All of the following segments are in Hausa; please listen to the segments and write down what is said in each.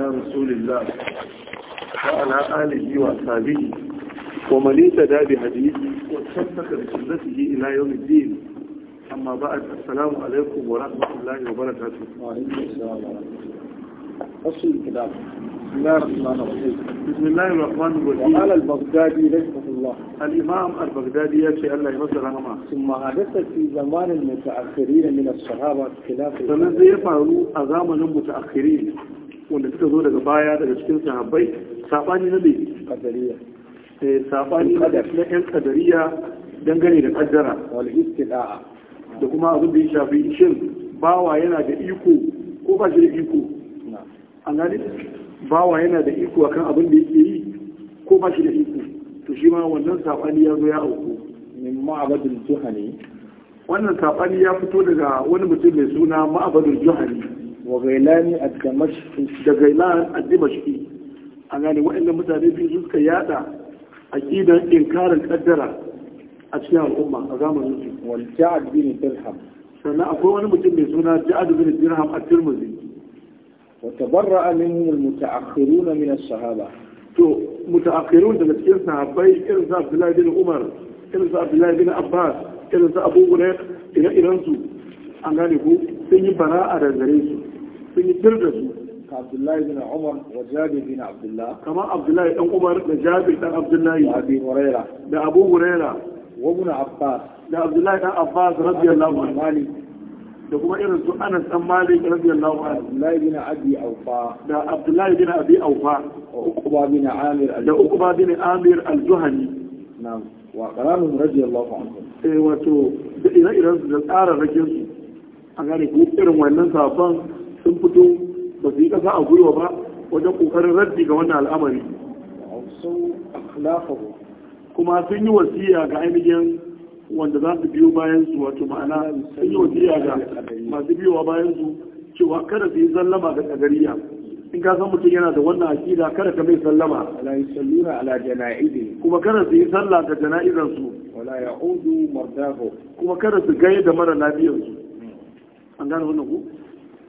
na rasulillah wa ala alihi wa sabihi wa man yatada bi hadith wa tasaka bi sunnatihi ila yawm al-din amma ba'd assalamu alaykum wa rahmatullahi wa barakatuh wa بسم الله الرحمن الرحيم وقال البغدادي رحمه الله الإمام البغدادي يأتي الله يمثل عنه ثم حدث في زمان المتأخرين من الصحابة خلاف فمن زي فعلوا أزام المتأخرين wanda suka zo daga baya daga cikin sahabbai sabani na bai kadariya eh sabani na yan kadariya dangane da kaddara wal da kuma abin da ya shafi shin bawa yana da iko ko ba shi da iko an gani bawa yana da iko akan abin da yake yi ko ba shi da iko to shi ma wannan sabani ya zo ya auku min ma'abadul juhani wannan sabani ya fito daga wani mutum mai suna ma'abadul juhani wa gailani a damashki da gailan a damashki a gane waɗanda mutane biyu suka yada a aqidan inkarin kaddara a cikin al'umma a zamanin su wani ja'ad bin dirham sannan akwai wani mutum mai suna ja'ad bin dirham a tirmidhi wa tabarra'a minhum al muta'akhirun min as-sahaba to muta'akhirun daga cikin sahabbai irin sa Abdullahi bin Umar irin sa Abdullahi bin Abbas irin sa Abu Hurairah ire-iren su an gane ku sun yi bara'a da gare su sun yi tir su ka Abdullahi bin Umar wa Jabir bin Abdullah kamar Abdullahi dan Umar da Jabir dan Abdullahi da Abi Huraira da Abu Huraira wa Ibn Abbas da Abdullahi dan Abbas radiyallahu anhu da kuma irin su Anas dan Malik radiyallahu anhu Abdullahi bin Abi aufa. da Abdullahi bin Abi aufa. wa Uqba bin Amir da Uqba bin Amir al-Juhani na'am wa qaranum radiyallahu anhu eh wato da ire-iren da tsararrakin su an gane ku irin wannan sabon sun fito ba su yi kasa a gwiwa ba wajen kokarin raddi ga wannan al'amari kuma sun yi wasiya ga ainihin wanda za su biyo bayan su wato ma'ana sun yi wasiya ga masu biyowa bayan su cewa kada su yi sallama ga tsagariya in ka san mutum yana da wannan akida kada ka mai sallama ala kuma kada su yi sallah ga jana'izansu. su wala ya'udu mardahu kuma kada su da mara lafiyar su an gane wannan ku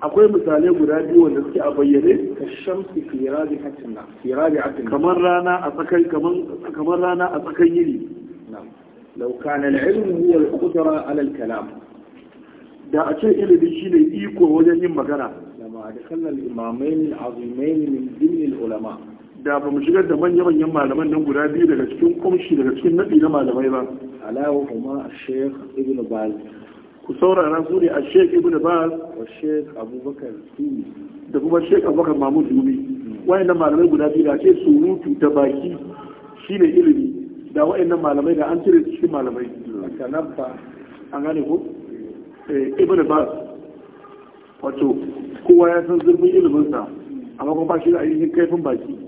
akwai misalai guda biyu wanda suke a bayyane ka shamsi fi rabi'atin na fi rabi'atin kamar rana a tsakan kamar kamar rana a tsakan yini law kana al-ilm huwa al-qudra ala al-kalam da a ce ilimi shine iko wajen yin magana lama da kallal imamain al-azimain min din al-ulama da ba mu shigar da manya-manyan malaman nan guda biyu daga cikin kumshi daga cikin nadi na malamai ba alawa kuma shaykh ibn baz ku saurara su ne a sheik ibn baz wa sheik abubakar sumi da kuma sheik abubakar mahmud dumi wayannan malamai guda biyu da ce surutu ta baki shine ilimi da wayannan malamai da an cire cikin malamai kanabba an gane ko eh, ibn baz wato kowa ya san zurfin iliminsa amma kuma ba shi da ainihin kaifin baki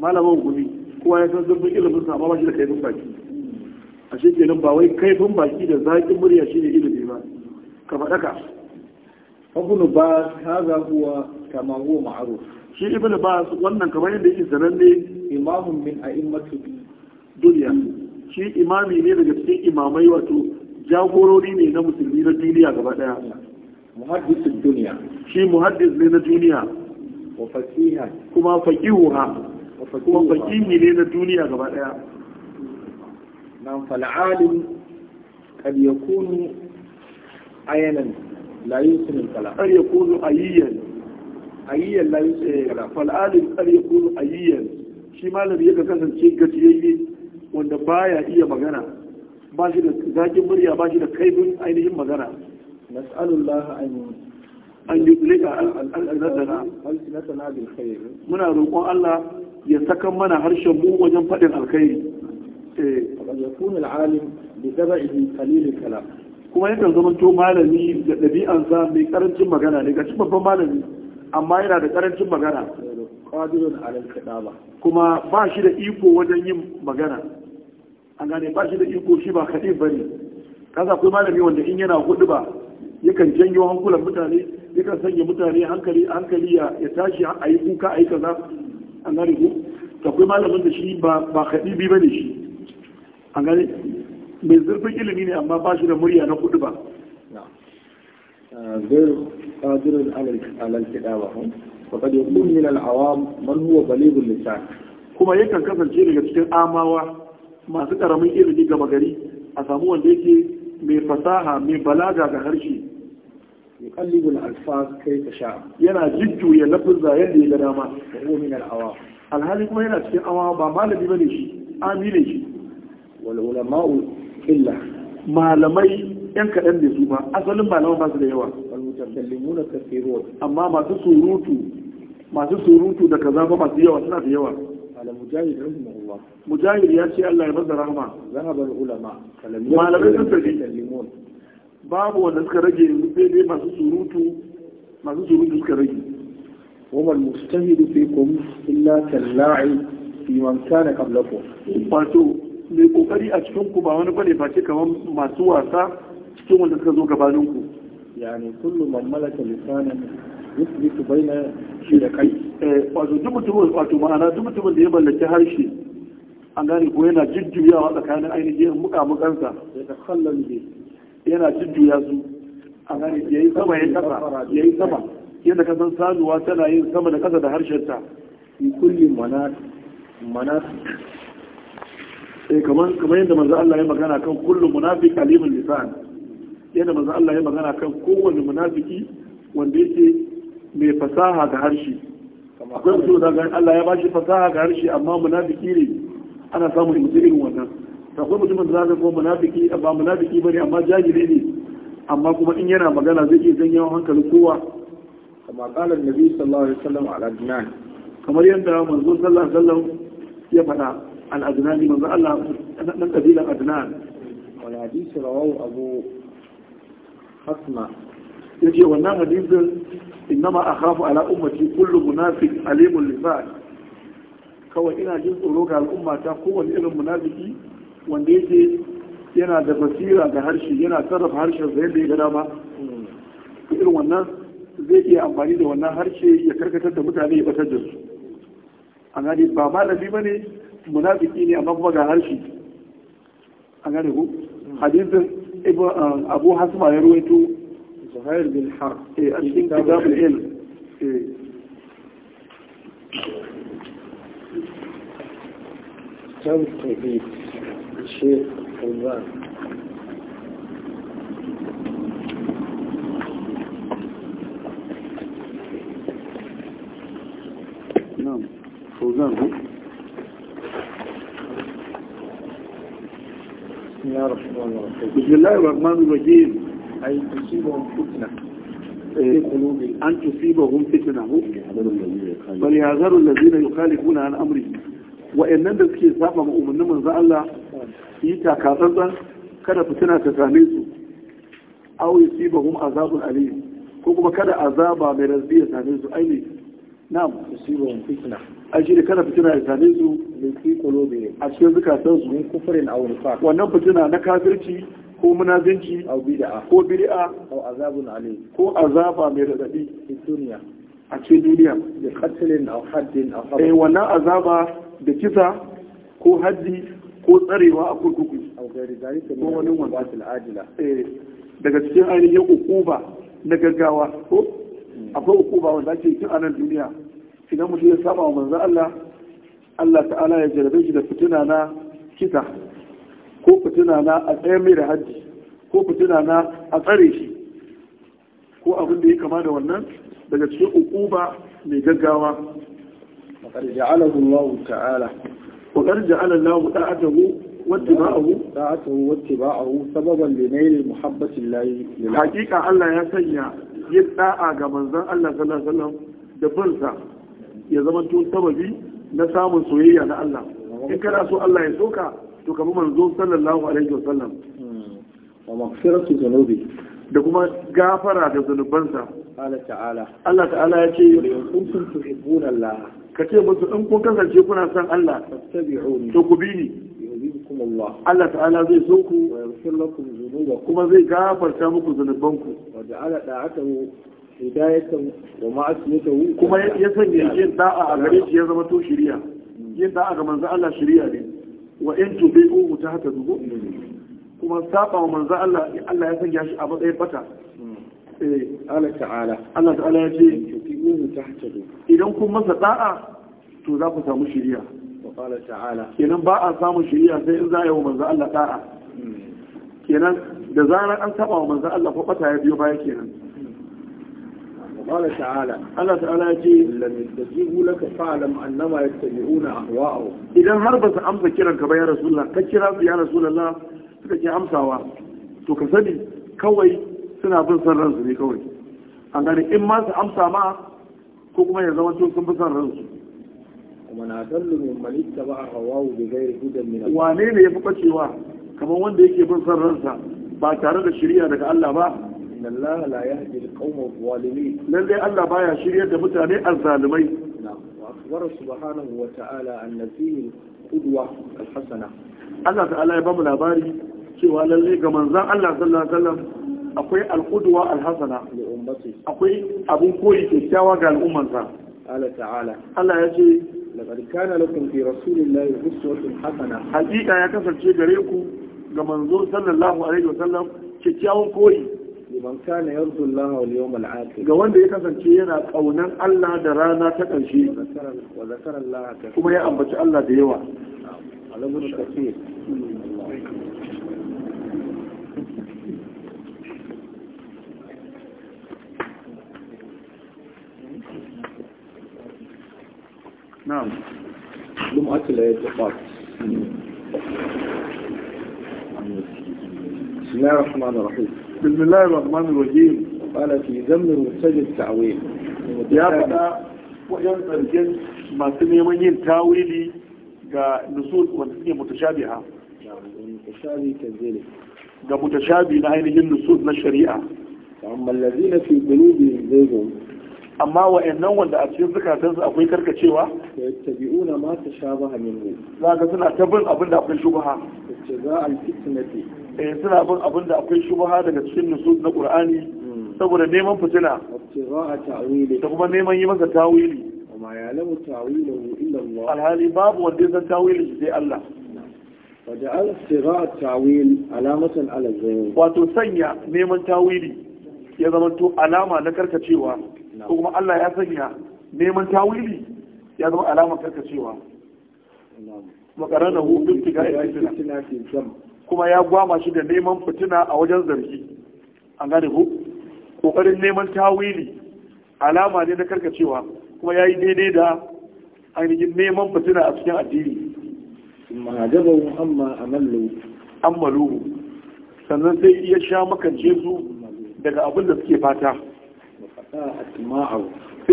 malamin gumi kowa ya san zurfin iliminsa amma ba shi da kaifin baki a shi kenan ba wai kaifin baki da zaƙin murya shi ne ilimi ba ka faɗa ka ibn ba haza huwa kama huwa ma'ruf shi ibn ba wannan kamar yadda yake sananne imamun min a'immatu duniya shi imami ne daga cikin imamai wato jagorori ne na musulmi na duniya gaba daya muhaddisin duniya shi muhaddis ne na duniya wa fasiha kuma faqihuha kuma faqihi ne na duniya gaba daya nan fal'alim kad yakunu ayanan la yusin kala kad yakunu ayyan ayyan eh, shi malami yake kasance gajiyayye wanda baya iya magana ba shi da zakin murya ba shi da kaifin ainihin magana nas'alullah an an yublika al'adana alsinatana bil khair muna roƙon Allah ya saka mana harshen mu wajen faɗin alkhairi faɗa ya kuna al'alim da zaba kuma yakan zama to malami da ɗabi'an sa mai ƙarancin magana ne gashi babban malami amma yana da ƙarancin magana qadirun alal kadaba kuma ba shi da iko wajen yin magana an gane ba shi da iko shi ba kaɗai bane kaza akwai malami wanda in yana hudu ba yakan janyo hankulan mutane yakan sanya mutane hankali hankali ya tashi a yi kuka a yi kaza an gane ku akwai malamin da shi ba ba kadibi bane shi a gani mai zurfin ilimi ne amma ba shi da murya na kudu ba غير قادر على kuma yakan kasance daga cikin amawa masu karamin ilimi gama gari a samu wanda yake mai fasaha mai balaga ga harshe yuqallibu al kai kayfa sha yana jujjuya lafza da ya ga dama wa alhali kuma yana cikin amawa ba malami bane shi amile shi wal ulama'u illa malamai yan kaɗan da su ba asalin malaman ba su da yawa wal mutakallimuna kathirun amma masu surutu masu surutu da kaza ba masu yawa suna da yawa ala mujahid rahimahullah mujahid ya ce Allah ya masa rahama Zan haɓa ulama malamai sun tafi babu wanda suka rage yanzu sai dai masu surutu masu surutu suka rage وما المجتهد فيكم إلا كاللاعب في من كان قبلكم. فاتو mai kokari a cikin ku ba wani bane face kamar masu wasa cikin wanda suka zo gabanin ku yani kullu man malaka lisanan yusbitu baina shi da kai eh wato duk mutumin wato ma'ana duk mutumin da ya mallaki harshe an gane ko yana jujjuyawa tsakanin ainihin mukamukansa ya ta kallon bi yana jujjuya su an gane yayi sama ya kasa yayi sama yadda ka san sanuwa tana yin sama da kasa da harshenta in kulli mana mana sai eh, kamar kamar yadda manzo Allah ya magana kan kullu munafiq alimul lisan yadda manzo Allah ya magana kan kowanne munafiki wanda yake mai fasaha ga harshe akwai mutum da Allah ya bashi fasaha ga harshe amma munafiki ne ana samun mutum irin wannan akwai mutumin da zaka ko munafiki ba munafiki bane amma jahili ne amma kuma in yana magana zai iya janyo hankali kowa kama kalan nabi sallallahu alaihi wasallam ala dinan kamar yadda manzo sallallahu alaihi wasallam ya faɗa الأدنان من ذا الله من قبيل الأدنان والحديث رواه أبو حسمة يجي والنام حديث إنما أخاف على أمتي كل منافق عليم اللسان kawai ina jin tsoro ga al'umma ta kowane irin munafiki wanda yake yana da basira da harshe yana sarrafa harshen sa yadda ya gada dama irin wannan zai iya amfani da wannan harshe ya karkatar da mutane ya batar da su a gani ba malami ba ne منافقين أمضغ هالشي أقاله حديث أبو حسما يروي تو زهير بن حرب الانتقام العلم كتاب التوحيد الشيخ حلوان نعم فوزان هو يا رحمن الرحيم بسم الله الرحمن الرحيم أي تصيبهم فتنة أن تصيبهم فتنة فليعذروا الذين يخالفون عن أمره wa'annan da suke saba ma umarnin manzo Allah yi takatsantsan kada fitina ta same su aw yusibahum azabun alim ko kuma kada azaba mai razbi ya same su aini na'am yusibahum fitna ajiri kada fitina ya same su min fi qulubihim a cikin zukatan su min kufrin aw nifaq wannan fitina na kafirci ko munafinci aw bid'a ko bid'a aw azabun alim ko azaba mai radadi a duniya a cikin duniya da qatlin aw haddin aw eh wannan azaba da kisa ko haddi ko tsarewa a kurkuku aw gairi zalika ko wani wanda al'adila eh daga cikin ainihin ukuba na gaggawa ko hmm. akwai ukuba wanda ake yi a nan duniya idan mutum ya saba wa manzo Allah Allah ta'ala ya jarabe shi da fituna na kisa ko fituna na a tsaye mai da hajji ko fituna na a tsare shi ko abin da ya kama da wannan daga cikin ukuba mai gaggawa wakar ja'ala Allah ta'ala wakar ja'ala Allah ta'atahu sababan da nai ne muhabbacin layi hakika Allah ya sanya yin da'a ga manzan Allah sallallahu alaihi da bansa ya zama tun sababi na samun soyayya na Allah in kana so Allah ya soka to kamar manzo sallallahu alaihi wasallam hmm. wa maghfiratu dhunubi da kuma gafara da zunubansa Allah ta'ala Allah ta'ala ya ce kuntum tuhibbuna Allah ce musu in kun kasance kuna son Allah fattabi'uni to ku bi ni Allah ta'ala zai so ku kuma zai gafarta muku zunubanku wa ja'ala da'atahu hidayatan wa ma'asiyatahu kuma ya sanya yin da'a a gare shi ya zama to shari'a yin da'a ga manzo Allah shari'a ne wa in tubi'u tahtadu kuma saba wa manzo Allah Allah ya sanya shi a matsayin bata eh Allah ta'ala Allah ta'ala ya ce tubi'u tahtadu idan kun masa da'a to za ku samu shari'a wa qala ta'ala kenan ba a samu shari'a sai in za a yi wa manzo Allah da'a hmm. kenan da zarar an saba wa manzo Allah ko bata ya biyo baya kenan قال تعالى الله تعالى يجي لم يستجيبوا لك فاعلم انما يتبعون اهواءهم اذا هربت امس كيرانك يا رسول الله كيرا يا رسول الله suka ke amsawa to ka sani kawai suna bin son ransu ne kawai an gani in ma su amsa ma ko kuma ya zama sun fi son ransu kuma na dallu min malitta ba a hawawu da gairi hudan min wane ne ya fi bacewa kamar wanda yake bin son ransa ba tare da shirya daga Allah ba inna Allah la yahdi al-qawma adh-dhalimin lalle Allah baya shiryar da mutane azzalimai wa akhbara subhanahu wa ta'ala anna fihi al-qudwa al-hasana Allah ta'ala ya bamu labari cewa lalle ga manzon Allah sallallahu alaihi wasallam akwai al-qudwa al-hasana akwai abun koyi kyakkyawa ga al'ummarsa Allah ta'ala Allah ya ce لقد كان لكم في رسول الله أسوة حسنة حقيقة يا كسر شيء غريكم كما نزول صلى الله عليه وسلم kyakkyawan koyi لمن كان يرجو الله واليوم العاكل جو وانده يكسن كينا قونان الله درانا تتنشي وذكر الله كثير كما يأمبت الله ديوة علم نعم لم أكل يتقاط بسم الله الرحمن الرحيم بسم الله الرحمن الرحيم قال في ذم مرتج التعويل يا فدا وجن ترجم ما سنيمن yin tawili ga nusul wanda suke mutashabiha mutashabi kazalik ga mutashabi na ainihin nusul na shari'a amma allazina fi qulubihim zaygun amma wa'annan wanda a cikin zukatansu akwai karkacewa yattabi'una ma tashabaha minhu zaka suna ta bin abin da akwai shubha za a fitnati eh suna bin abin da akwai shubaha daga cikin nusus na Qur'ani hmm. saboda neman fitila da kuma neman yi maka tawili amma ya lamu tawilu illa Allah alhali babu wanda zai tawili sai Allah wajen ala sira a tawil alamatan alazayin wato sanya neman tawili ya zama to alama na karkacewa ko kuma Allah ya sanya neman tawili ya zama alama karkacewa makarar da hukun tiga ya fi fitina kuma ya gwama shi da neman fitina a wajen zargi an gane ku kokarin neman tawili alama ne na karkacewa kuma ya yi daidai da ainihin neman fitina a cikin addini ma'ajabahu amma Amma, ammalu sannan sai iya sha maka jesu daga abin da suke fata sai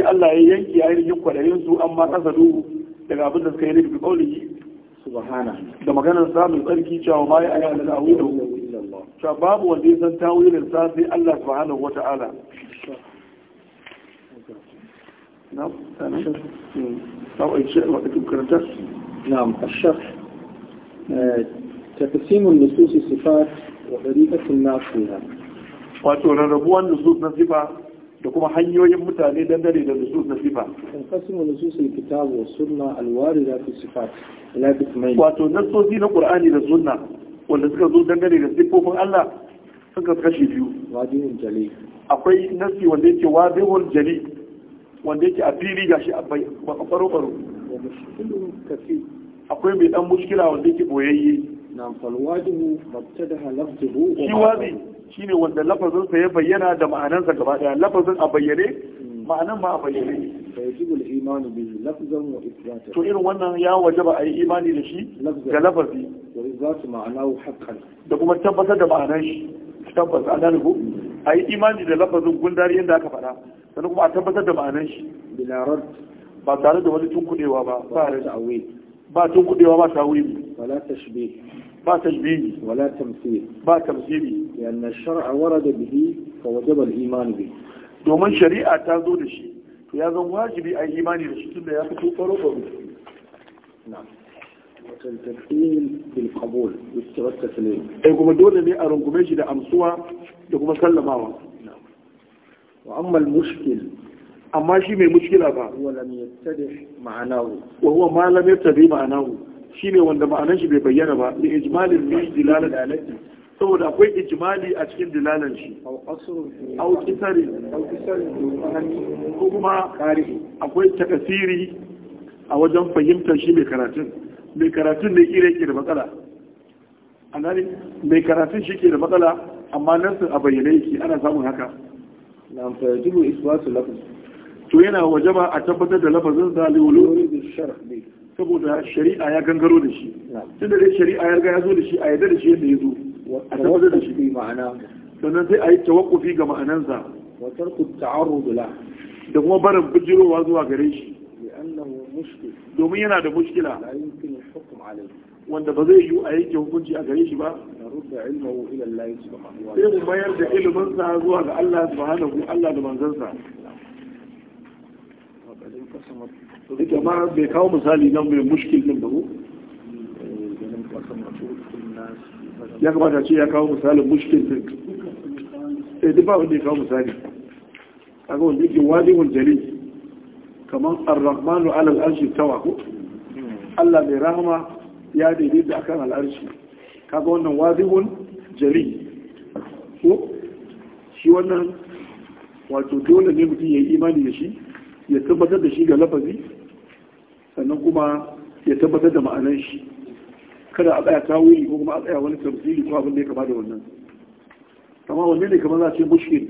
Allah ya yanke ainihin kwadayin su amma kasa duhu daga abin da suka yi nufi kaulihi da maganar sa mai tsarki cewa ma ya aya da ta'awilu cewa babu wanda ya san tawilin sa sai Allah subhanahu wata'ala na sanin sa'o'i ce wa duk karanta na'am ashar تقسيم النصوص الصفات وطريقة الناس فيها. وأتوا ربوان نصوص نصفة da kuma hanyoyin mutane dangane da nusus na sifa in kasimu nususul kitabu wa sunna da fi sifat wato nasosi na ƙur'ani da sunna wanda suka zo dangane da sifofin Allah suka kashe biyu wajibun jali akwai nasi wanda yake wajibun jali wanda yake a fili gashi a baro akwai mai dan mushkila wanda yake boyayye na falwajibu mabtada lafzuhu shi wazi shine wanda lafazinsa ya bayyana da ma'anansa gaba daya lafazin a bayyane ma'anan ma a bayyane to irin wannan ya wajaba a yi imani da shi ga lafazi da kuma tabbatar da ma'anan shi tabbas an gane a yi imani da lafazin gundari yadda aka faɗa sannan kuma a tabbatar da ma'anan shi ba tare da wani tunkuɗewa ba ba tunkuɗewa ba tawili با تشبيه ولا تمثيل با تمثيل لأن الشرع ورد به فوجب الإيمان به domin shari'a ta zo da shi ya zan wajibi a imani da shi tun da ya fito faro ba mutum kuma dole ne a rungume shi da amsuwa da kuma sallamawa wa amma mushkil amma shi mai mushkila ba wa lam yattadi ma'anahu wa huwa ma lam yattadi Shi ne wanda ma'anar shi bai bayyana ba ne ijmalin bi dilalati saboda akwai ijmali a cikin dilalan shi au kisari ko kuma akwai takasiri a wajen fahimtar shi mai karatun mai karatun ne kira yake da matsala an gani mai karatun shi ke da matsala amma nan a bayyane yake ana samun haka na amfani jibu isbatu lafaz to yana wajaba a tabbatar da lafazin zaliwulu saboda shari'a ya gangaro da shi tunda dai shari'a ya riga ya zo da shi a yadda da shi yadda ya zo a tabbatar da shi ma'ana sannan sai a yi tawakkufi ga ma'anansa wa tarku ta'arrud la da kuma barin bijirowa zuwa gare shi domin yana da mushkila wanda ba zai yi a yanke hukunci a gare shi ba sai mu mayar da iliminsa zuwa ga Allah subhanahu Allah da manzansa da kuma bai kawo misali nan mai mushkil din ba ko ya kamata ce ya kawo misalin mushkil din eh duk ba wanda ya kawo misali kaga wanda yake wajibun jali kamar ar-rahmanu ala al-arshi tawa ko Allah mai rahama ya daidaita akan al-arshi kaga wannan wajibun jali ko shi wannan wato dole ne mutum ya yi imani da shi ya tabbatar da shi ga lafazi sannan kuma ya tabbatar da ma'anan shi kada a tsaya tawuri ko kuma a tsaya wani tafsiri ko abin da ya kama da wannan amma wanne ne kamar za a ce mushkil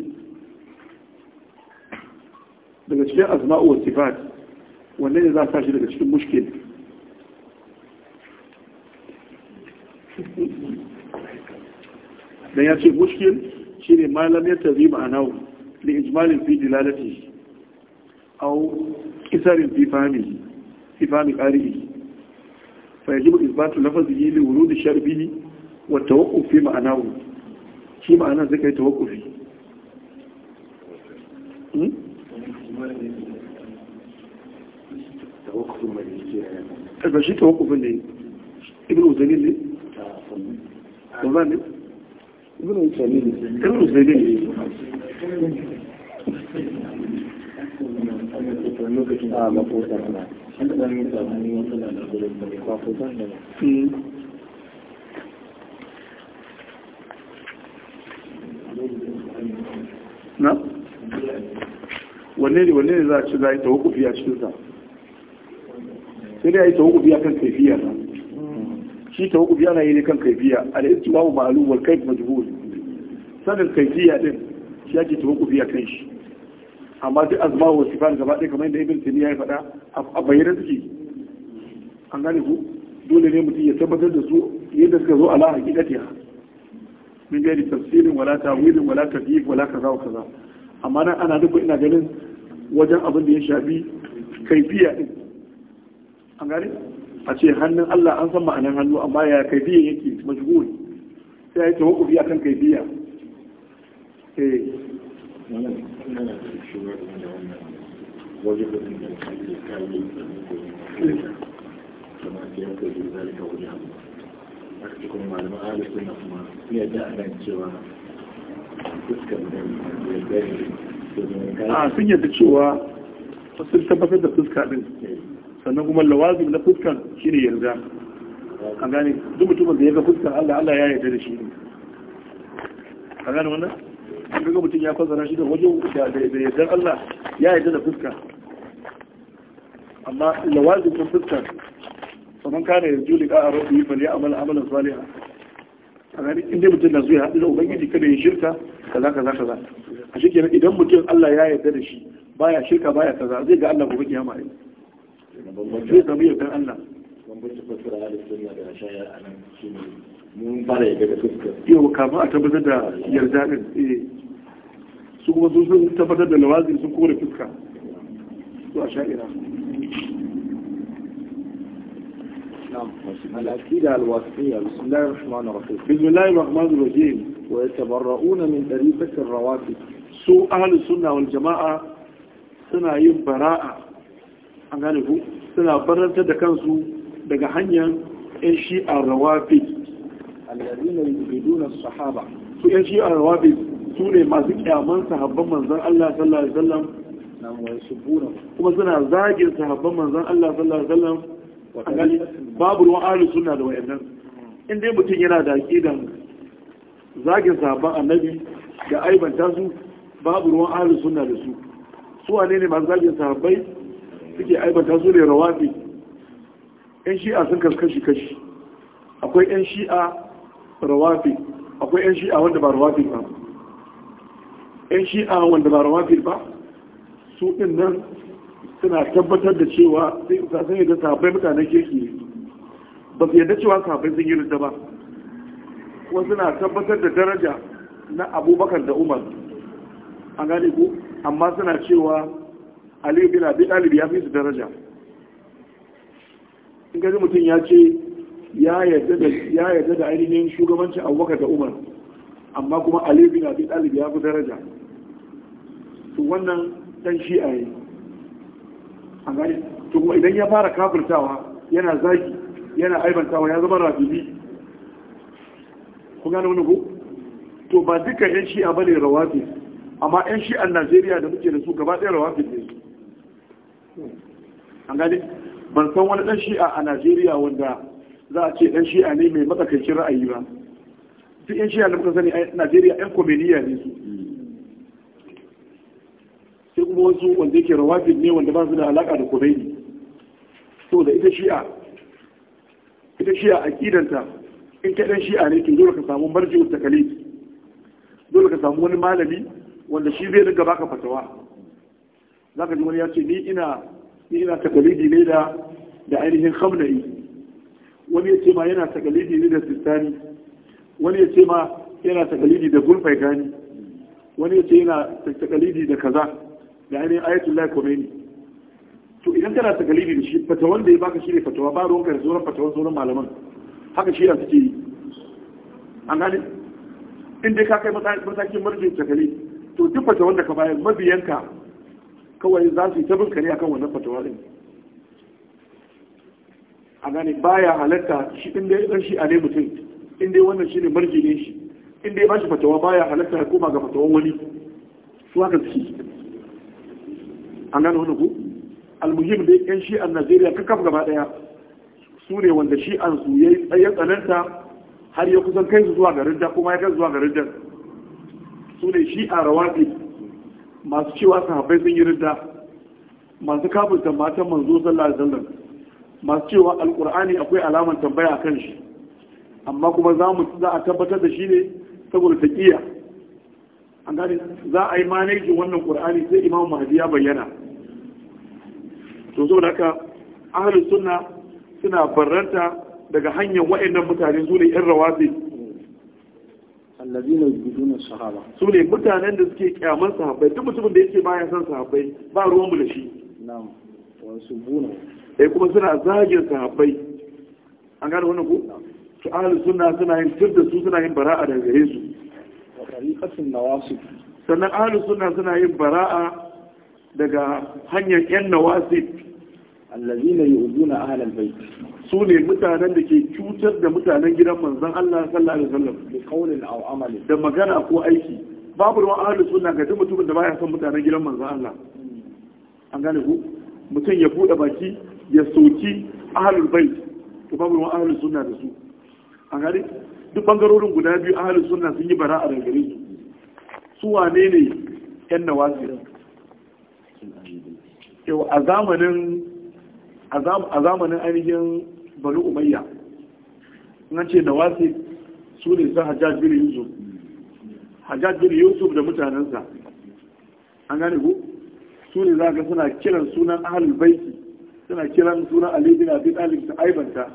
daga cikin azma'u wa sifat wanne ne za a sa shi daga cikin mushkil dan ya ce mushkil shine malamiyar ya tazi ma'anau li ijmalin fi dilalatihi أو كسر في فهمه في فهم قارئه فيجب إثبات لفظه لورود الشعر به والتوقف في معناه في معنى ذلك يتوقف توقف المجلس شيء توقف اللي ابن وزنين ليه؟ ابن وزنين ابن وزنين a na wanne ne wanne ne za a ci za a yi tawakufi a cikinsa sai dai a yi tawakufi a kan kaifiyar na shi tawakufi ana yi ne kan kaifiya al'istiwa wa ma'alu wal kaif majhul sanin kaifiya din shi ake tawakufi a kan shi amma duk azma wa sifan gaba ɗaya kamar yadda ibn taymiya ya faɗa a bayyana suke an gane ku dole ne mutum ya tabbatar da su yadda suka zo ala haqiqatiha min gani tafsirin wala tawilin wala tadif wala kaza wa kaza amma nan ana duk ina ganin wajen abin da ya shafi kaifiya din an gane a ce hannun Allah an san ma'anar hannu amma ya kaifiya yake majhul sai ya tawakkufi akan kaifiya eh وجب ah, sun yadda cewa sun tabbatar da fuska din sannan kuma lawazim na fuskan shine yarda an gane duk mutumin da ya ga fuskar Allah Allah ya yarda da shi ne an gane wannan an kaga mutum ya fassara shi da wajen da yardar Allah ya yarda da fuska amma lawazin ta fuska saman kana yanzu da a rabu yi fali amal amalan saliha a gani inda mutum na zuwa haɗu da ubangiji kada yin shirka kaza kaza kaza a shi kenan idan mutum Allah ya yarda da shi baya shirka baya kaza zai ga Allah gobe kiyama ne zai samu yardar Allah bambanci fassara da sunna da shaya a nan shi ne mun fara yadda da fuskar yau kafin a tabbatar da yarda din eh su kuma sun tabbatar da nawazin sun kore fuska su a sha'ira العقيدة الواسطية بسم الله الرحمن الرحيم بسم الله الرحمن الرحيم ويتبرؤون من ضريبة الرواتب سوء أهل السنة والجماعة سنة براءة أنا أعرف سنة برنت دكانسو daga hanyar 'yan shi'ar rawafid alladhina yubiduna sahaba su yan shi arwabi su ne masu kyaman sahabban manzon Allah sallallahu alaihi wasallam nan wa yusbuna kuma suna zagin sahabban manzon Allah sallallahu alaihi wasallam babu ruwan ahlus sunna da wayannan in dai mutum yana da aqidan zagin sahabban annabi da aibanta su babu ruwan ahlus sunna da su su wane ne masu zagin sahabbai suke aibanta su ne rawafi yan shi'a sun kaskashi kashi akwai yan shi'a rawafi akwai yan shi'a wanda ba rawafi ba yan shi'a wanda ba rawafi ba su din nan suna tabbatar da cewa sun yadda sabai mutanen kirki ne ba su yadda cewa sabai sun yi rinda ba kuma suna tabbatar da daraja na abubakar da umar a gane ku amma suna cewa aliyu bin abi ɗalibi ya fi su daraja in gaji mutum ya ce ya yarda da ainihin shugabancin abubakar da umar amma kuma ali bin abi talib ya fi daraja to wannan dan shi'a yi, an gani to kuma idan ya fara kafirtawa yana zagi yana aibantawa ya zama rafibi kun gane wani ko to ba duka yan shi'a bane rawafi amma yan a Najeriya da muke da su gaba ɗaya rawafi ne an gani ban san wani dan shi'a a Najeriya wanda za a ce ɗan shi'a ne mai matsakaicin ra'ayi ba duk ɗan shi'a da muka sani a najeriya ɗan komediya ne su sai kuma wasu wanda yake rawafin ne wanda ba su da alaƙa da komedi da ita shi'a ita shi'a aƙidanta in ka ɗan shi'a ne to dole ka samu ta takalif dole ka samu wani malami wanda shi zai riga baka fatawa Za ka ji wani ya ce ni ina ina takalidi ne da da ainihin khamnai wani ya ce ma yana takalidi ne da sistani wani ya ce ma yana takalidi da gulfai gani wani ya ce yana takalidi da kaza da ainihin ayatollah khomeini to idan kana takalidi da shi fatawan da ya baka shi ne fatawa ba ruwan ka da sauran fatawan sauran malaman haka shi suke yi an gane in dai ka kai matakin marjin takali to duk fatawan da ka bayar mabiyanka kawai za su yi ta binka ne akan wannan fatawa din a gane baya halatta shi inda ya ɗan shi a ne mutum inda wannan shi ne marji ne shi inda ya ba shi fatawa baya halatta ya koma ga fatawan wani su haka suke an gane wani ku almuhim da yan shi a najeriya kakaf gaba ɗaya. su ne wanda shi an su ya tsananta har ya kusan kai su zuwa garin da kuma ya kai zuwa garin da su ne shi a rawaɗi masu cewa sahabbai sun yi ridda masu kafin matan manzo sallallahu alaihi wasallam masu cewa alkur'ani akwai alamar tambaya kan shi amma kuma za a tabbatar da shi ne saboda ta an za a yi manajin wannan kur'ani sai imam mahdi ya bayyana to saboda haka ahlus sunna suna barranta daga hanyar waɗannan mutane su ne yan rawazi allazina yujiduna sahaba su ne mutanen da suke kyaman sahabbai duk mutumin da yake baya san sahabbai ba ruwan mu da shi na'am wa subuna eh kuma suna zagin sahabbai an gane wannan ku to ahlus sunna suna yin tur da su suna yin bara'a daga gare su wa tariqatun sannan ahlus sunna suna yin bara'a daga hanyar yan nawasib allazina yu'duna ahlal albayt su ne mutanen da ke cutar da mutanen gidan manzon Allah sallallahu alaihi wasallam bi qawlin aw amali da magana ko aiki babu ruwan ahli sunna ga duk mutumin da baya son mutanen gidan manzon Allah hmm. an gane ku mutum ya bude baki ya soki ahalul bai to babu ruwan ahalul suna da su a gari duk bangarorin guda biyu ahalul suna sun yi bara a dangare su su wane ne yan nawasir yau a zamanin a zamanin ainihin bani umayya nan ce nawasir su ne sun hajjaj bin yusuf hajjaj bin yusuf da mutanensa an gane ku su ne za ka suna kiran sunan ahalul baiti suna kiran sunan Ali bin Abi Talib su aibanta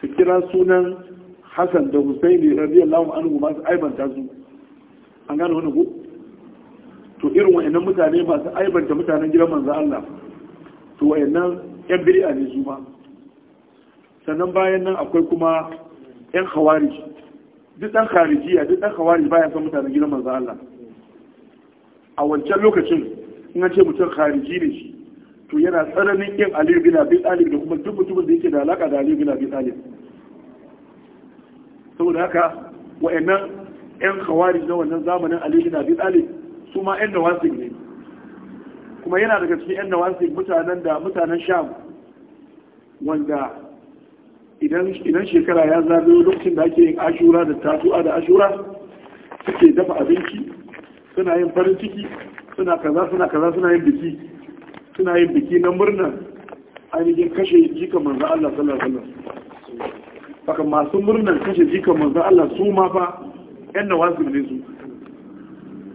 su kira sunan Hassan da Hussein radiyallahu anhu ma su aibanta su an gane wani ku to irin wayannan mutane masu aibanta mutanen gidan manzo Allah to wayannan yan bid'a ne su ma sannan bayan nan akwai kuma yan khawari duk dan kharijiya duk dan khawari baya son mutanen gidan manzo Allah a wancan lokacin in an ce mutum khariji ne shi to yana tsananin yin aliyu bin abi talib da kuma duk mutumin da yake da alaka da aliyu bin abi talib saboda haka wa'annan yan khawarij na wannan zamanin aliyu bin abi talib su ma yan nawasik ne kuma yana daga cikin yan nawasik mutanen da mutanen sham wanda idan shekara ya zabe lokacin da ake yin ashura da tasu'a da ashura suke dafa abinci suna yin farin ciki suna kaza suna kaza suna yin biki suna yin biki na murnar ainihin kashe jika manzan Allah sallallahu masu murnar kashe jika manzan Allah su ma fa yan nawasi ne su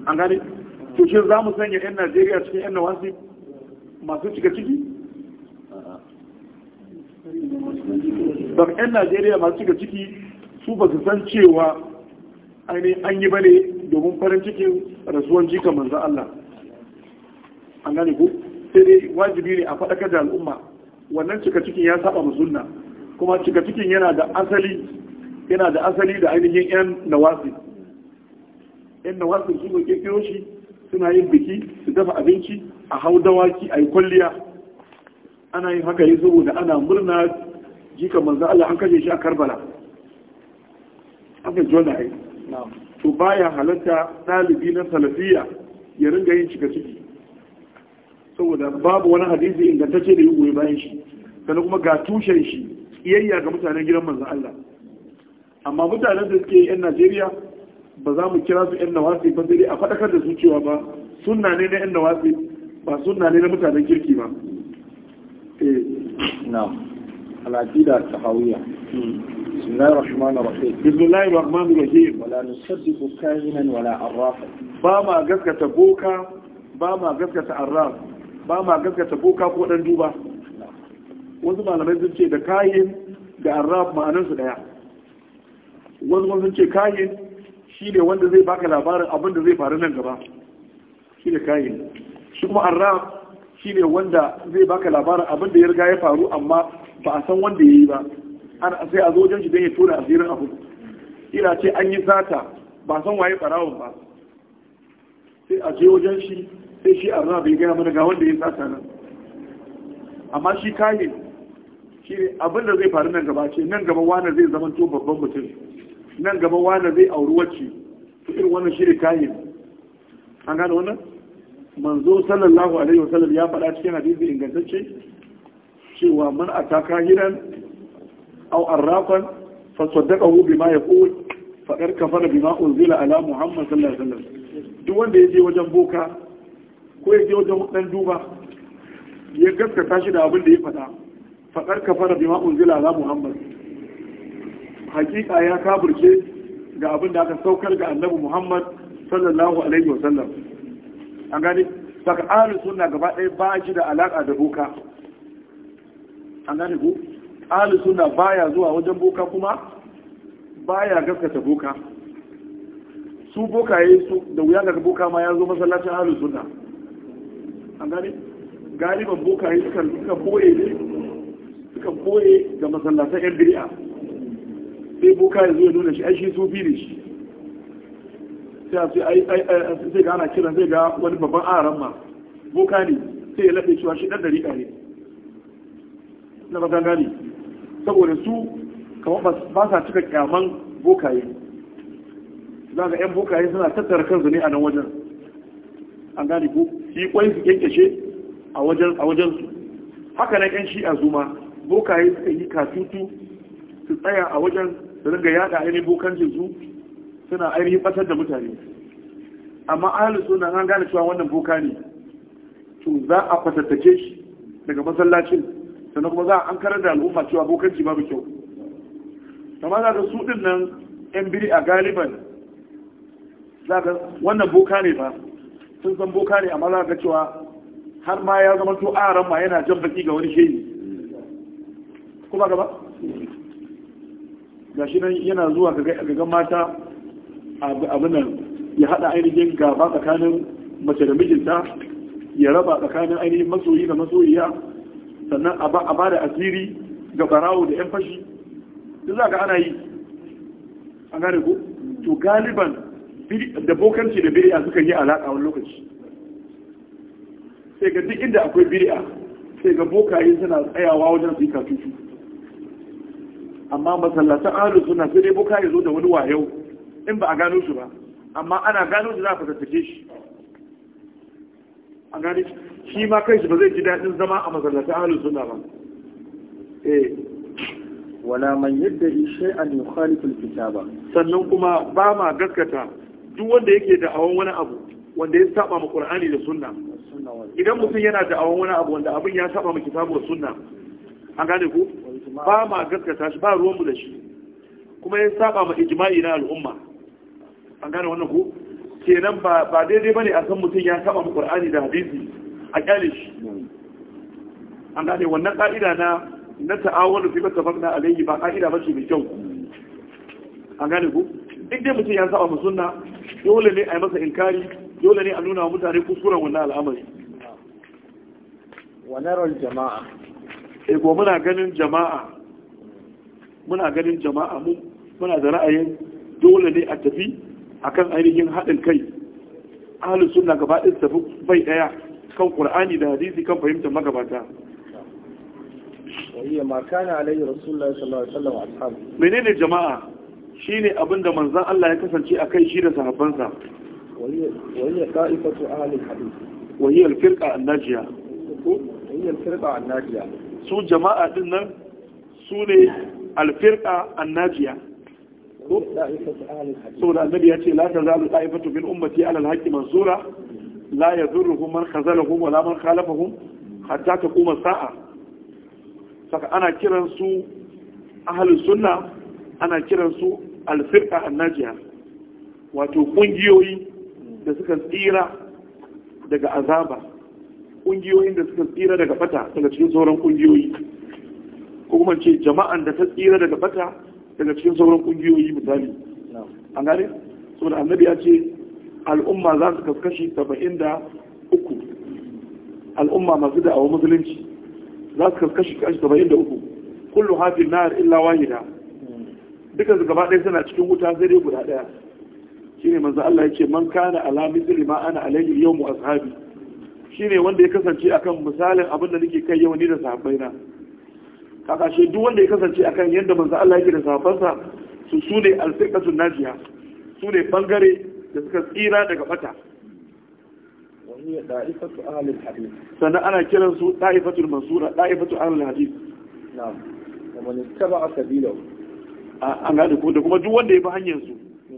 an gane to shi za mu sanya yan Najeriya cikin yan nawasib masu cika ciki ba yan Najeriya masu cika ciki su ba su san cewa ainihin an yi bane domin farin cikin rasuwan jika manzan Allah an gane ku sai dai wajibi ne a faɗakar da al'umma wannan cika cikin ya saba mu sunna kuma cika cikin yana da asali yana da asali da ainihin yan nawasi yan nawasi su ne shi suna yin biki su dafa abinci a hau dawaki a yi kwalliya ana yin haka yi saboda ana murna jika manzo Allah an kashe shi a Karbala haka jona ai to baya halatta ɗalibi na salafiya ya ringa yin cika ciki saboda babu wani hadisi ingantacce da yi goyi bayan shi sannan kuma ga tushen shi iyayya ga mutanen gidan manzan Allah amma mutanen da suke yan Najeriya ba za mu kira su yan nawasi ba sai dai a fadakar da su cewa ba sunna ne na yan nawasi ba sunna ne na mutanen kirki ba eh na'am العقيدة tahawiyya بسم الله الرحمن الرحيم بسم الله الرحمن الرحيم ولا نصدق كاهنا ولا عرافا باما قسكة بوكا باما قسكة عراف ba ma gaskata boka ko dan duba wasu malamai sun ce da kayin da arab su daya wasu kuma sun ce kayin shi ne wanda zai baka labarin abin da zai faru nan gaba shi ne kayin shi kuma arab shi ne wanda zai baka labarin abin da ya riga ya faru amma ba a san wanda ya yi ba sai a zo wajen shi don ya tura asirin abu ila ce an yi sata ba san waye ɓarawon ba sai a je wajen shi sai shi arna bai gaya mana ga wanda ya sata nan amma shi kayi shi ne abin da zai faru nan gaba ce nan gaba wani zai zama to babban mutum nan gaba wani zai auri wacce to irin wannan shi ne kayi an gane wannan manzo sallallahu alaihi wasallam ya faɗa cikin hadisi ingantacce cewa man ataka hiran aw arrafan fa saddaqahu bima yaqul fa kafara bima unzila ala muhammad sallallahu alaihi wasallam duk wanda ya je wajen boka ko ya je wajen dan duba ya gaskata shi da abin da ya faɗa faɗar kafara bima unzila ala muhammad hakika ya kaburce ga abin da aka saukar ga annabi muhammad sallallahu alaihi wa sallam an gani saka ahlus sunna gaba ɗaya ba shi da alaka da boka an gani ku ahlus sunna baya zuwa wajen boka kuma baya gaskata boka su bokaye su da wuya daga boka ma ya zo masallacin ahlus sunna an gane galiban bokaye sukan suka boye ne suka boye ga masallatan yan biriya sai bokaye zuwa nuna shi ai shi sufi ne shi sai ga ana kira zai ga wani babban aran ma boka ne sai ya laɓe cewa shi ɗan dariƙa ne na fatan gane saboda su kamar ba sa cika kyaman bokaye za ga 'yan bokaye suna tattara kansu ne a nan wajen an gane ko su yi kwai su kyankyashe a wajen su haka na yan shi'a zuma bokaye suka yi katutu su tsaya a wajen su ringa yada ainihin bokan jinsu suna ainihin batar da mutane amma ahalin suna an gane cewa wannan boka ne to za a kwatattake shi daga masallacin sannan kuma za a an karar da al'umma cewa ji babu kyau kama za ka su ɗin nan yan biri a galiban za ka wannan boka ne ba sun san boka ne amma za ka cewa har ma ya zama to aran ma yana jan baki ga wani shehi kuma gaba shi nan yana zuwa ga mata abin nan ya hada ainihin gaba tsakanin mace da mijinta ya raba tsakanin ainihin masoyi da masoyiya sannan a ba da asiri ga barawo da 'yan fashi duk za ka ana yi an gane ku to galiban da bokanci da biri'a sukan yi alaƙa wani lokaci sai ga duk inda akwai biri'a sai ga bokaye suna tsayawa wajen su yi katutu amma masallatan alu suna sai dai bokaye zo da wani wayau in ba a gano su ba amma ana gano su za a fasattake shi a gane shi ma kai shi ba zai ji daɗin zama a masallatan alu suna ba eh wala man yadda shay'an yukhalifu al-kitaba sannan kuma ba ma gaskata duk wanda yake da awon wani abu wanda ya saba ma Qur'ani da Sunna idan mutum yana da awon wani abu wanda abin ya saba ma kitabu da Sunna an gane ku ba ma gaskata shi ba ruwan mu da shi kuma ya saba ma ijma'i na al'umma an gane wannan ku kenan ba ba daidai bane a san mutum ya saba ma Qur'ani da hadisi a kyale shi an gane wannan ka'ida na na ta'awun fi tafaqna alayhi ba ka'ida bace mai kyau an gane ku duk dai mutum ya saba ma sunna dole ne a yi masa inkari dole ne a nuna wa mutane kuskuren wannan al'amari wanarar jama'a ego eh, muna ganin jama'a muna ganin jama'a mu muna da ra'ayin dole ne a tafi akan ainihin haɗin kai ahalin suna gaba ɗin tafi bai ɗaya kan ƙur'ani da hadisi kan fahimtar magabata وهي ما كان عليه رسول الله صلى الله menene jama'a Shi ne abinda manzan Allah ya kasance a kai shi da sahabbansa wahiyar ta'ifatu ahlul hadith wahiyar firqa an-najiya wahiyar firqa an-najiya su jama'a din nan su ne al-firqa an-najiya saboda annabi ya ce la tazalu ta'ifatu min ummati ala al-haqqi mansura la yadurruhum man khazalahum wala man khalafahum hatta taquma sa'a saka ana kiran su ahlus sunna ana kiran su alfirka annajiya wato kungiyoyi da suka tsira daga azaba kungiyoyin da suka tsira daga bata daga cikin sauran kungiyoyi ko kuma ce jama'an da ta tsira daga bata daga cikin sauran kungiyoyi misali an gane saboda annabi ya ce al'umma za su kaskashi saba'in da uku al'umma masu da'awar musulunci za su kaskashi saba'in da uku kullu hafin na'ar illa wahida dukkan su gaba ɗaya suna cikin wuta sai dai guda ɗaya shi ne manzo Allah ya ce man kana ala mithli ma ana alayhi mu ashabi shi ne wanda ya kasance akan misalin abin da nake kai yau ni da sahabbai na kaka shi duk wanda ya kasance akan yadda manzo Allah yake da sahabbansa su su ne alfiqatun najiya su ne bangare da suka tsira daga bata sannan ana kiransu ɗa'ifatul mansura ɗa'ifatul كلا طائفة المنصورة طائفة أهل الحديث نعم ومن an gane ko da kuma duk wanda ya bi hanyar su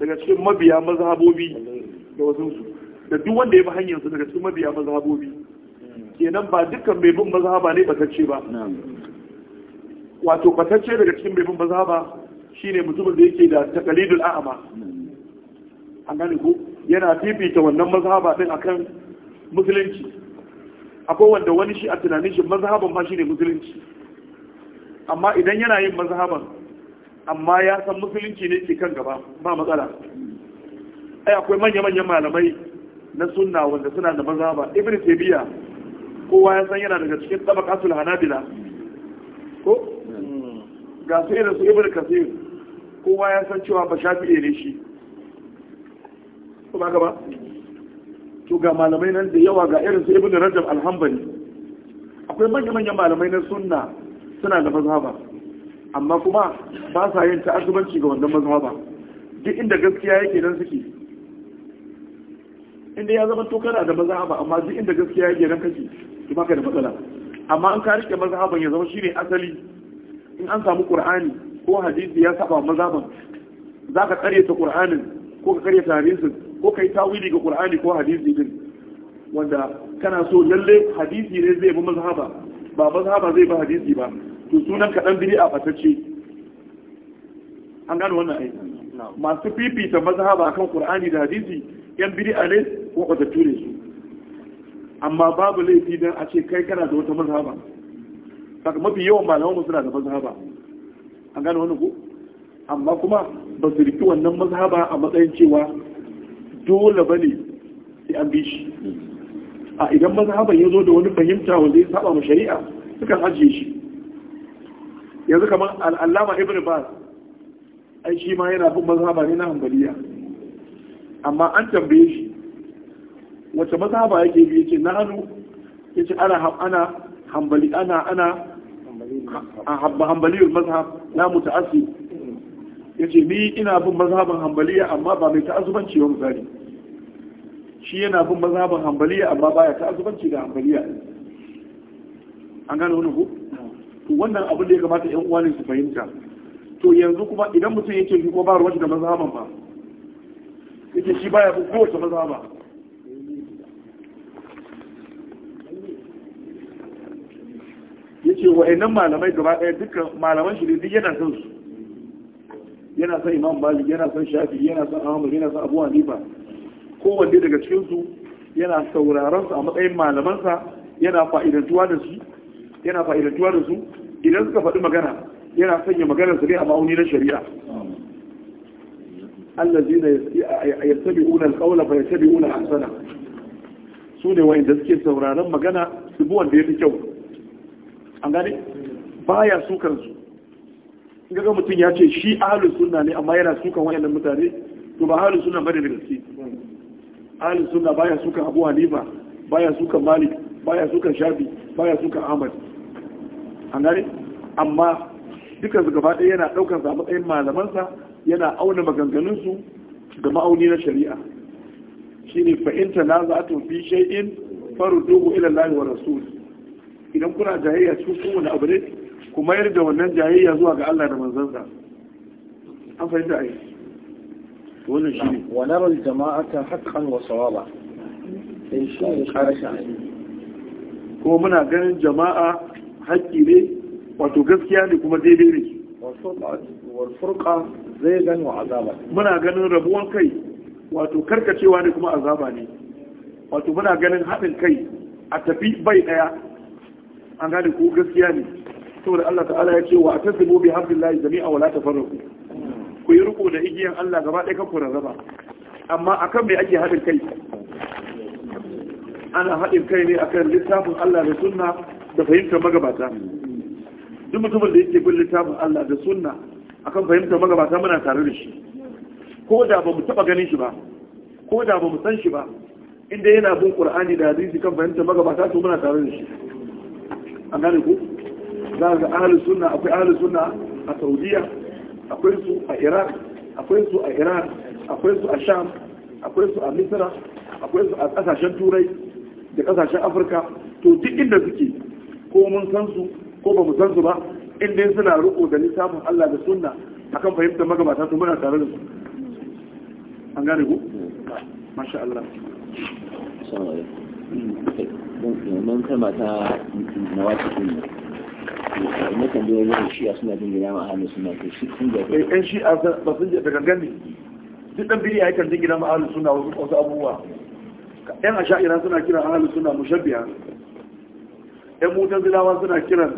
daga cikin mabiya mazhabobi da wasu su da duk wanda ya bi hanyar su daga cikin mabiya mazhabobi hmm. kenan ba dukkan mai bin mazhaba ne batacce ba wato batacce daga cikin mai bin mazhaba shine mutumin da yake da taqalidul a'ma hmm. an gane ko yana fifita wannan mazhaba din akan musulunci akwai wanda wani shi a tunanin shi mazhaban ma shine musulunci amma idan yana yin mazhaban amma ya san musulunci ne ke kan gaba ba matsala ai akwai manya-manyan malamai na sunna wanda suna da mazhaba ibn tabiya kowa ya san yana daga cikin tabaqatul hanabila ko ga sai da su ibn kasir kowa ya san cewa ba shafi ne shi kuma gaba to ga malamai nan da yawa ga irin su ibn rajab al-hanbali akwai manya-manyan malamai na sunna suna da mazhaba amma kuma ba sa yin ta'azzubanci ga wannan mazhaba duk inda gaskiya yake nan suke inda ya zama to kana da mazhaba amma duk inda gaskiya yake nan kake to baka da matsala amma an ka rike mazhaban ya zama shine asali in an samu qur'ani ko hadisi ya saba mazhaban zaka kare ta qur'anin ko ka kare ta hadisin ko kai tawili ga qur'ani ko hadisi din wanda kana so lalle hadisi ne zai bi mazhaba ba mazhaba zai bi hadisi ba to sunan kaɗan biri a fatacce an gano wannan aiki masu fifita mazhaba kan ƙur'ani da hadisi yan biri a ne ko kwatattu ture su amma babu laifi don a ce kai kana da wata mazhaba saka mafi yawan malaman mu suna da mazhaba an gano wannan ku. amma kuma ba su riki wannan mazhaba a matsayin cewa dole ba ne sai an bi shi a idan mazhaban ya zo da wani fahimta wanda ya saba ma shari'a sukan ajiye shi yanzu kamar al'allama ibn bas ai shi ma yana bin mazhaba ne na hanbaliya amma an tambaye shi wace mazhaba yake bi yace na hannu yace ana ana hanbali ana ana hanbaliyul mazhab la muta'assi yace ni ina bin mazhaban hanbaliya amma ba mai ta'azzubanci ba misali shi yana bin mazhaban hanbaliya amma baya ta'azzubanci da hanbaliya an gano wani ku to wannan abin da ya kamata yan uwa ne su fahimta to yanzu kuma idan mutum yake shi kuma ba ruwa da mazhaban ba yake shi baya bin kowace mazhaba wa wa'annan malamai gaba ɗaya dukkan malaman shi ne duk yana son su yana son imam bali yana son shafi yana son ahmad yana son abu hanifa kowanne daga cikin su yana sauraron su a matsayin malamansa yana fa'idantuwa da su yana fa'idantuwa da su idan suka faɗi magana yana sanya magana su ne a ma'auni na shari'a ya allazina ba ya fa unan hasana su ne da suke sauraron magana su da ya fi kyau an gani ba su kansu in ga mutum ya ce shi ahlus suna ne amma yana sukan nan mutane to ba ahlus suna bane da gaske ahlus sunna baya sukan Abu ba ya sukan Malik ba ya sukan Shafi ya sukan Ahmad an amma dukkan su gaba ɗaya yana ɗaukar sa matsayin malamansa yana auna maganganunsu da ma'auni na shari'a shine na za tanaza'tum fi shay'in faru dubu Allah wa rasul idan kuna jayayya cikin kowane abu ne ku mayar da wannan jayayya zuwa ga Allah da manzansa an fahimta ai wannan shine wa nara al-jama'ata haqqan wa sawaba in shi ne karshe kuma muna ganin jama'a haƙƙi ne wato gaskiya ne kuma daidai ne walfurqa zai gani wa azaba muna ganin rabuwar kai wato karkacewa ne kuma azaba ne wato muna ganin haɗin kai a tafi bai ɗaya an gane ko gaskiya ne saboda Allah ta'ala ya ce wa atasimu bi hamdillahi jami'a wa la tafarraqu ku yi riko da igiyan Allah gaba ɗaya ku rarraba amma akan me ake haɗin kai ana haɗin kai ne akan littafin Allah da sunna da fahimtar magabata duk mutumin da yake bin littafin Allah da sunna akan fahimtar magabata muna tare da shi ko da ba mu taba ganin shi ba ko da ba mu san shi ba inda yana bin Qur'ani da hadisi kan fahimtar magabata to muna tare da shi an gane ku za ga ahli sunna akwai ahli sunna a Saudiya akwai su a Iraq akwai su a Iran akwai su a Sham akwai su a Misra akwai su a kasashen Turai da kasashen Afirka to duk inda suke ko mun san su ko ba mu san su ba in dai suna riko da littafin Allah da sunna akan fahimtar magabata su muna tare da su an gane ku masha Allah don kalma ta mawaki ne na tambayar yau shi'a suna jin gina ma ahalin suna ke shi sun da ɗan eh, shi'a ba sun da gangan ne duk ɗan biri yakan jin gina ma ahalin suna wasu abubuwa ɗan asha'ira suna kira ahalin suna mushabbiya yan mutan zilawa suna kiran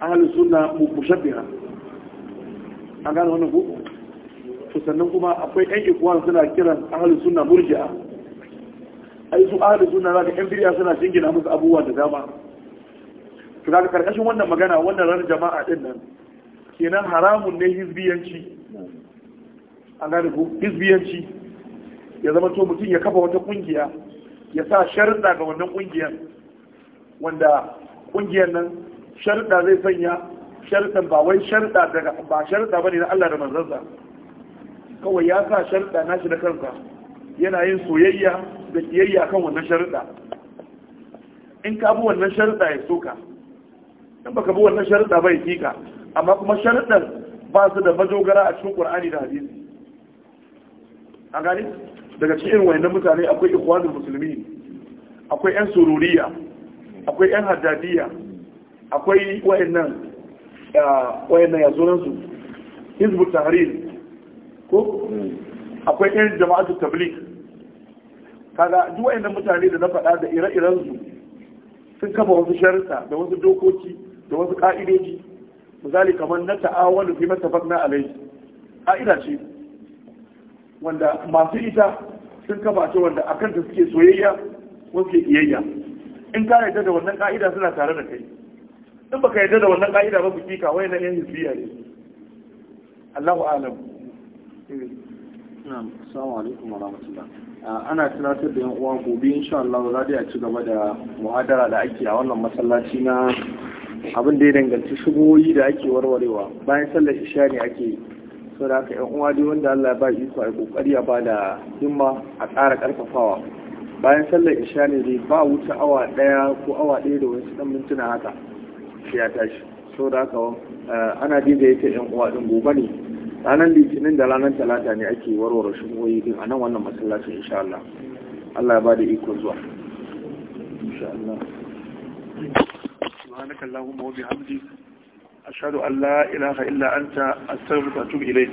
ahalin suna mushabbiha an gane wannan ku to sannan kuma akwai yan ikuwan suna kiran ahalin suna murji'a ai su ahalin suna ka yan biriya suna shingina musu abubuwa da dama to daga karkashin wannan magana wannan ranar jama'a din nan kenan haramun ne hizbiyanci an gane ku hizbiyanci ya zama to mutum ya kafa wata kungiya ya sa sharuɗa ga wannan kungiyar wanda kungiyar nan sharɗa zai sanya sharɗa ba wai sharɗa daga ba ba bane na Allah da manzansa kawai ya sa sharɗa nashi da kansa yana yin soyayya da kiyayya kan wannan sharɗa in ka bi wannan sharɗa ya ka in baka bi wannan sharɗa ba ya fi ka amma kuma sharuɗan ba su da majogara a cikin ƙur'ani da hadisi a gani daga cikin wayannan mutane akwai ikhwanul musulmi akwai yan sururiya akwai yan haddadiya akwai wayannan wayannan yazuransu hizbu tahrir ko akwai yan jama'atu tabligh kaga duk wayannan mutane da na faɗa da ire-iren su sun kama wasu sharuɗa da wasu dokoki da wasu ka'idoji misali kamar na ta'awunu fi mattafaqna alayhi ka'ida ce wanda masu ita sun kama ce wanda akan ta suke soyayya wasu ke iyayya in ka yarda da wannan ka'ida suna tare da kai in baka yarda da wannan ka'ida ba ku kika wai nan yan hizbiya ne Allahu alam na'am assalamu alaikum wa rahmatullah ah, ana tunatar da yan uwa gobe insha Allah za a ci gaba da muhadara da ake a wannan masallaci na abin da ya danganci shigoyi da ake warwarewa bayan sallar isha ne ake so da haka yan uwa dai wanda Allah ya ba iko a kokari ya ba da himma a ƙara ƙarfafawa bayan sallar isha ne zai ba wuce awa daya ko awa daya da wasu dan mintuna haka shi ya tashi so da haka eh, ana ji da yake yan uwa din gobe ne ranar litinin da ranar talata ne ake warware shi goyi din a nan wannan masallacin insha Allah Allah ya ba da iko zuwa insha Allah سبحانك اللهم وبحمدك أشهد أن لا إله إلا أنت أستغفرك وأتوب إليك